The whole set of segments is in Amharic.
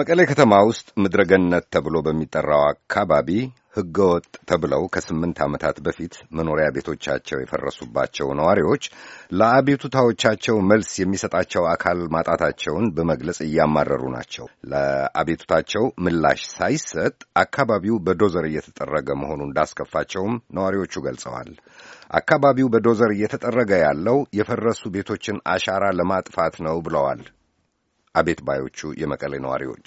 መቀሌ ከተማ ውስጥ ምድረገነት ተብሎ በሚጠራው አካባቢ ህገወጥ ተብለው ከስምንት ዓመታት በፊት መኖሪያ ቤቶቻቸው የፈረሱባቸው ነዋሪዎች ለአቤቱታዎቻቸው መልስ የሚሰጣቸው አካል ማጣታቸውን በመግለጽ እያማረሩ ናቸው። ለአቤቱታቸው ምላሽ ሳይሰጥ አካባቢው በዶዘር እየተጠረገ መሆኑ እንዳስከፋቸውም ነዋሪዎቹ ገልጸዋል። አካባቢው በዶዘር እየተጠረገ ያለው የፈረሱ ቤቶችን አሻራ ለማጥፋት ነው ብለዋል አቤት ባዮቹ የመቀሌ ነዋሪዎች።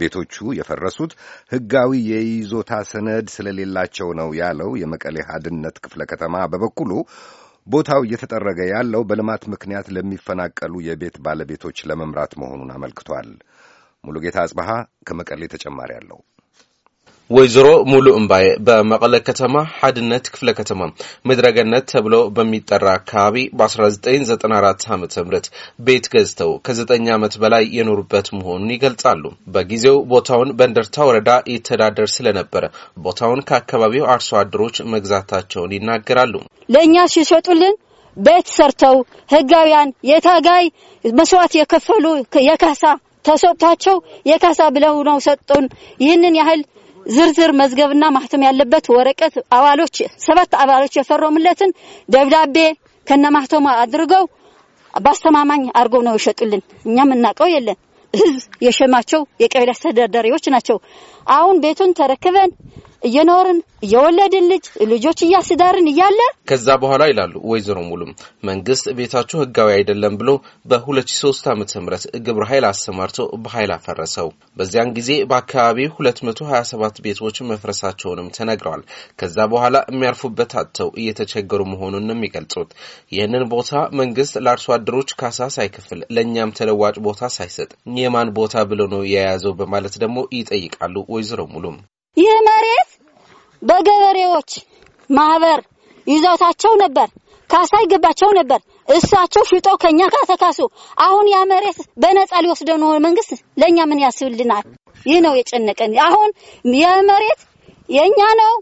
ቤቶቹ የፈረሱት ሕጋዊ የይዞታ ሰነድ ስለሌላቸው ነው ያለው የመቀሌ ሀድነት ክፍለ ከተማ በበኩሉ ቦታው እየተጠረገ ያለው በልማት ምክንያት ለሚፈናቀሉ የቤት ባለቤቶች ለመምራት መሆኑን አመልክቷል። ሙሉጌታ አጽበሃ ከመቀሌ ተጨማሪ አለው። ወይዘሮ ሙሉእ እምባይ በመቀለ ከተማ ሓድነት ክፍለ ከተማ ምድረገነት ተብሎ በሚጠራ አካባቢ በ1994 ዓ ም ቤት ገዝተው ከዘጠኝ ዓመት በላይ የኖሩበት መሆኑን ይገልጻሉ። በጊዜው ቦታውን በእንደርታ ወረዳ ይተዳደር ስለነበረ ቦታውን ከአካባቢው አርሶ አደሮች መግዛታቸውን ይናገራሉ። ለእኛ ሲሸጡልን ቤት ሰርተው ህጋውያን የታጋይ መስዋዕት የከፈሉ የካሳ ተሰጥቷቸው የካሳ ብለው ነው ሰጡን። ይህንን ያህል ዝርዝር መዝገብና ማህተም ያለበት ወረቀት አባሎች ሰባት አባሎች የፈረሙለትን ደብዳቤ ከነማህተሙ አድርገው በአስተማማኝ አድርገው ነው የሸጡልን። እኛም እናውቀው የለን ህዝብ የሸማቸው የቀበሌ አስተዳዳሪዎች ናቸው። አሁን ቤቱን ተረክበን እየኖርን እየወለድን ልጅ ልጆች እያስዳርን እያለ ከዛ በኋላ ይላሉ ወይዘሮ ሙሉም መንግስት ቤታችሁ ህጋዊ አይደለም ብሎ በ2003 ዓ ም ግብረ ኃይል አሰማርቶ በኃይል አፈረሰው። በዚያን ጊዜ በአካባቢው 227 ቤቶች መፍረሳቸውንም ተነግረዋል። ከዛ በኋላ የሚያርፉበት አጥተው እየተቸገሩ መሆኑን ነው የሚገልጹት። ይህንን ቦታ መንግስት ለአርሶ አደሮች ካሳ ሳይከፍል ለእኛም ተለዋጭ ቦታ ሳይሰጥ የማን ቦታ ብሎ ነው የያዘው በማለት ደግሞ ይጠይቃሉ ወይዘሮ ሙሉም ይህ መሬት በገበሬዎች ማህበር ይዞታቸው ነበር። ካሳ ይገባቸው ነበር። እሳቸው ሽጦ ከኛ ጋር ተካሱ። አሁን ያ መሬት በነጻ ሊወስደው ነው መንግስት። ለኛ ምን ያስብልናል? ይህ ነው የጨነቀን። አሁን የመሬት የኛ ነው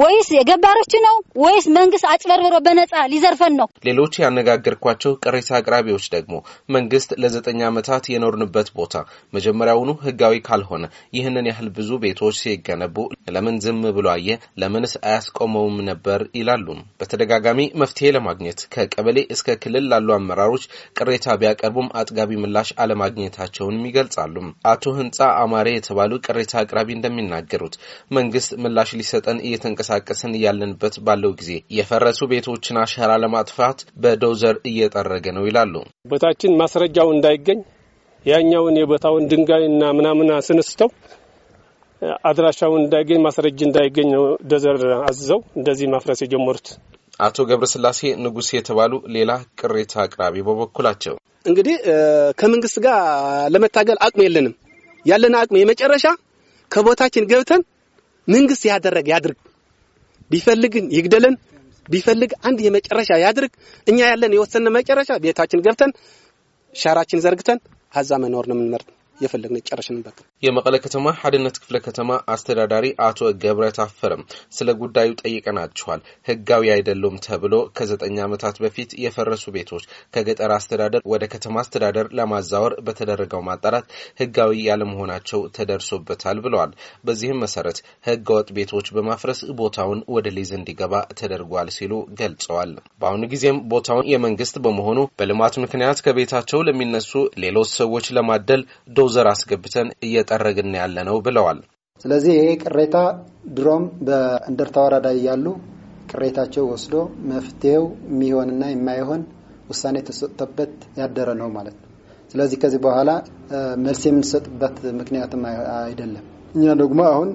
ወይስ የገባሮች ነው ወይስ መንግስት አጭበርብሮ በነጻ ሊዘርፈን ነው? ሌሎች ያነጋገርኳቸው ቅሬታ አቅራቢዎች ደግሞ መንግስት ለዘጠኝ ዓመታት የኖርንበት ቦታ መጀመሪያውኑ ህጋዊ ካልሆነ ይህንን ያህል ብዙ ቤቶች ሲገነቡ ለምን ዝም ብሎ አየ? ለምንስ አያስቆመውም ነበር ይላሉ። በተደጋጋሚ መፍትሄ ለማግኘት ከቀበሌ እስከ ክልል ላሉ አመራሮች ቅሬታ ቢያቀርቡም አጥጋቢ ምላሽ አለማግኘታቸውንም ይገልጻሉ። አቶ ህንፃ አማሬ የተባሉ ቅሬታ አቅራቢ እንደሚናገሩት መንግስት ምላሽ ሊሰጠን እየተንቀ እየተንቀሳቀስን ያለንበት ባለው ጊዜ የፈረሱ ቤቶችን አሻራ ለማጥፋት በዶዘር እየጠረገ ነው ይላሉ። ቦታችን ማስረጃው እንዳይገኝ ያኛውን የቦታውን ድንጋይና ምናምን ስንስተው አድራሻውን እንዳይገኝ ማስረጅ እንዳይገኝ ነው ዶዘር አዝዘው እንደዚህ ማፍረስ የጀመሩት። አቶ ገብረስላሴ ንጉሥ የተባሉ ሌላ ቅሬታ አቅራቢ በበኩላቸው እንግዲህ ከመንግስት ጋር ለመታገል አቅም የለንም። ያለን አቅም የመጨረሻ ከቦታችን ገብተን መንግስት ያደረገ ያድርግ ቢፈልግን ይግደለን፣ ቢፈልግ አንድ የመጨረሻ ያድርግ። እኛ ያለን የወሰነ መጨረሻ ቤታችን ገብተን ሻራችን ዘርግተን አዛ መኖር ነው የምንመርጥ። የፈለግነ ጨረሽን በቃ። የመቀለ ከተማ ሀድነት ክፍለ ከተማ አስተዳዳሪ አቶ ገብረ ታፈረም ስለ ጉዳዩ ጠይቀናችኋል። ህጋዊ አይደሉም ተብሎ ከዘጠኝ ዓመታት በፊት የፈረሱ ቤቶች ከገጠር አስተዳደር ወደ ከተማ አስተዳደር ለማዛወር በተደረገው ማጣራት ህጋዊ ያለመሆናቸው ተደርሶበታል ብለዋል። በዚህም መሰረት ህገወጥ ቤቶች በማፍረስ ቦታውን ወደ ሊዝ እንዲገባ ተደርጓል ሲሉ ገልጸዋል። በአሁኑ ጊዜም ቦታውን የመንግስት በመሆኑ በልማት ምክንያት ከቤታቸው ለሚነሱ ሌሎች ሰዎች ለማደል የሰው ዘር አስገብተን እየጠረግን ያለ ነው ብለዋል። ስለዚህ ይሄ ቅሬታ ድሮም በእንደርታ ወረዳ እያሉ ቅሬታቸው ወስዶ መፍትሄው የሚሆንና የማይሆን ውሳኔ ተሰጥቶበት ያደረ ነው ማለት ነው። ስለዚህ ከዚህ በኋላ መልስ የምንሰጥበት ምክንያትም አይደለም። እኛ ደግሞ አሁን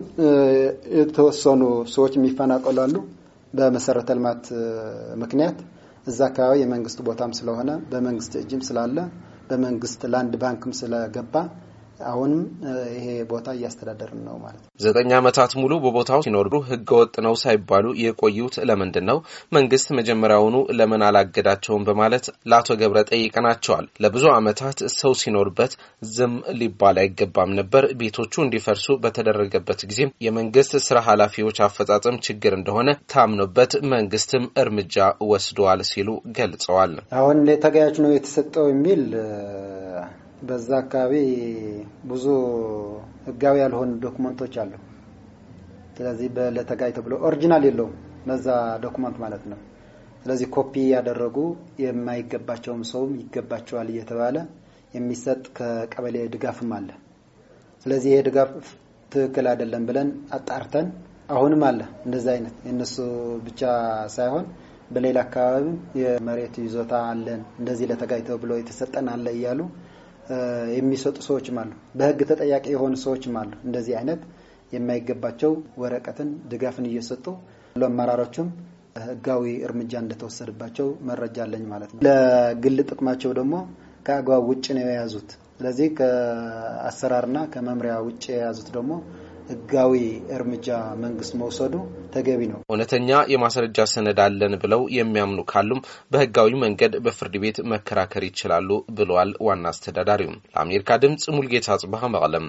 የተወሰኑ ሰዎች የሚፈናቀሉ አሉ። በመሰረተ ልማት ምክንያት እዛ አካባቢ የመንግስት ቦታም ስለሆነ በመንግስት እጅም ስላለ በመንግስት ላንድ ባንክም ስለገባ አሁንም ይሄ ቦታ እያስተዳደርን ነው ማለት ነው። ዘጠኝ ዓመታት ሙሉ በቦታው ሲኖሩ ህገወጥ ነው ሳይባሉ የቆዩት ለምንድን ነው? መንግስት መጀመሪያውኑ ለምን አላገዳቸውም? በማለት ለአቶ ገብረ ጠይቀናቸዋል። ለብዙ ዓመታት ሰው ሲኖርበት ዝም ሊባል አይገባም ነበር። ቤቶቹ እንዲፈርሱ በተደረገበት ጊዜም የመንግስት ስራ ኃላፊዎች አፈጻጸም ችግር እንደሆነ ታምኖበት መንግስትም እርምጃ ወስደዋል ሲሉ ገልጸዋል። አሁን ተገያጅ ነው የተሰጠው የሚል በዛ አካባቢ ብዙ ህጋዊ ያልሆኑ ዶክመንቶች አሉ። ስለዚህ ለተጋይ ተብሎ ኦሪጂናል የለውም በዛ ዶክመንት ማለት ነው። ስለዚህ ኮፒ ያደረጉ የማይገባቸውም ሰውም ይገባቸዋል እየተባለ የሚሰጥ ከቀበሌ ድጋፍም አለ። ስለዚህ ይሄ ድጋፍ ትክክል አይደለም ብለን አጣርተን አሁንም አለ እንደዚ አይነት የእነሱ ብቻ ሳይሆን በሌላ አካባቢ የመሬት ይዞታ አለን እንደዚህ ለተጋይ ብሎ የተሰጠን አለ እያሉ የሚሰጡ ሰዎችም አሉ። በህግ ተጠያቂ የሆኑ ሰዎችም አሉ። እንደዚህ አይነት የማይገባቸው ወረቀትን ድጋፍን እየሰጡ ለአመራሮችም ህጋዊ እርምጃ እንደተወሰደባቸው መረጃ አለኝ ማለት ነው። ለግል ጥቅማቸው ደግሞ ከአግባብ ውጭ ነው የያዙት። ስለዚህ ከአሰራርና ከመምሪያ ውጭ የያዙት ደግሞ ህጋዊ እርምጃ መንግስት መውሰዱ ተገቢ ነው። እውነተኛ የማስረጃ ሰነድ አለን ብለው የሚያምኑ ካሉም በህጋዊ መንገድ በፍርድ ቤት መከራከር ይችላሉ ብለዋል ዋና አስተዳዳሪው። ለአሜሪካ ድምፅ ሙልጌታ ጽብሃ መቀለም